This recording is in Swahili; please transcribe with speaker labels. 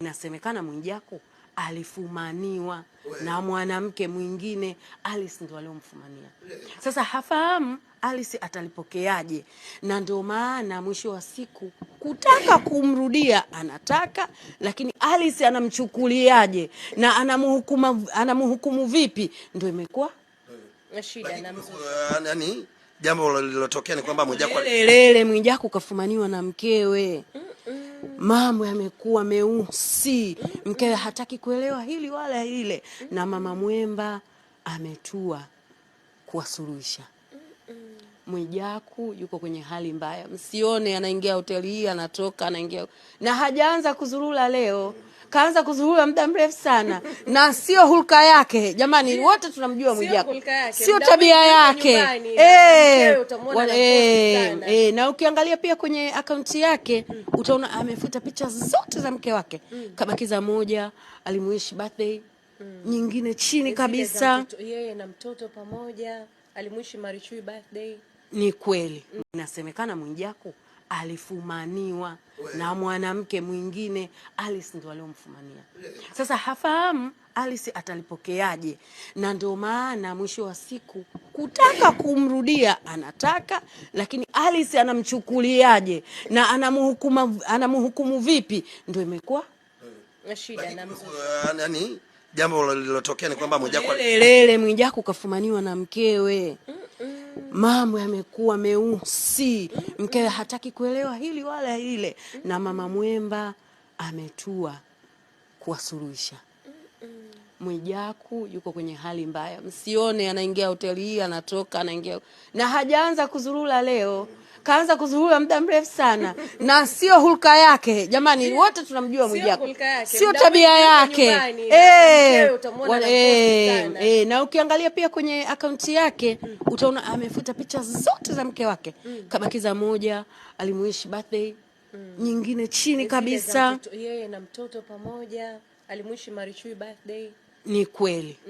Speaker 1: Inasemekana Mwijaku alifumaniwa na mwanamke mwingine, Alice ndo aliomfumania. Sasa hafahamu Alice atalipokeaje, na ndio maana mwisho wa siku kutaka kumrudia anataka, lakini Alice anamchukuliaje na anamhukumu, anamhukumu vipi, ndio imekuwa
Speaker 2: shida. Eh,
Speaker 3: jambo lililotokea ni kwamba
Speaker 1: Mwijaku kafumaniwa na mkewe mm. Mambo yamekuwa meusi, mkewe hataki kuelewa hili wala ile na mama Mwemba ametua kuwasuluhisha. Mwijaku yuko kwenye hali mbaya, msione anaingia hoteli hii anatoka, anaingia na hajaanza kuzurula leo kaanza kuzuhula muda mrefu sana na sio hulka yake jamani, wote tunamjua Mwijaku, sio tabia yake
Speaker 4: eh,
Speaker 1: e, e, na ukiangalia pia kwenye akaunti yake mm. utaona amefuta picha zote za mke wake mm. kabakiza moja alimuishi birthday mm. nyingine chini kabisa,
Speaker 4: yeye na mtoto pamoja alimuishi Marichui birthday
Speaker 1: ni kweli Inasemekana Mwijaku alifumaniwa Wee. na mwanamke mwingine. Alice ndo aliomfumania. Sasa hafahamu Alice atalipokeaje, na ndio maana mwisho wa siku kutaka kumrudia anataka, lakini Alice anamchukuliaje na anamhukuma anamhukumu vipi, ndio imekuwa
Speaker 4: shida na
Speaker 3: eh, nani. Jambo lililotokea ni kwamba Mwijaku
Speaker 1: lele Mwijaku kafumaniwa na mkewe mm mambo yamekuwa meusi, mkewe hataki kuelewa hili wala ile na mama mwemba ametua kuwasuluhisha. Mwijaku yuko kwenye hali mbaya, msione anaingia hoteli hii anatoka, anaingia na hajaanza kuzurula leo kaanza kuzuhula muda mrefu sana na sio hulka yake jamani, wote tunamjua mwijako sio tabia yake
Speaker 4: eh.
Speaker 1: eh, eh, Na ukiangalia pia kwenye akaunti yake mm. utaona amefuta picha zote za mke wake mm. kabakiza moja alimuishi birthday mm. nyingine chini kabisa,
Speaker 4: yeye na mtoto pamoja alimuishi Marichui birthday.
Speaker 1: Ni kweli mm.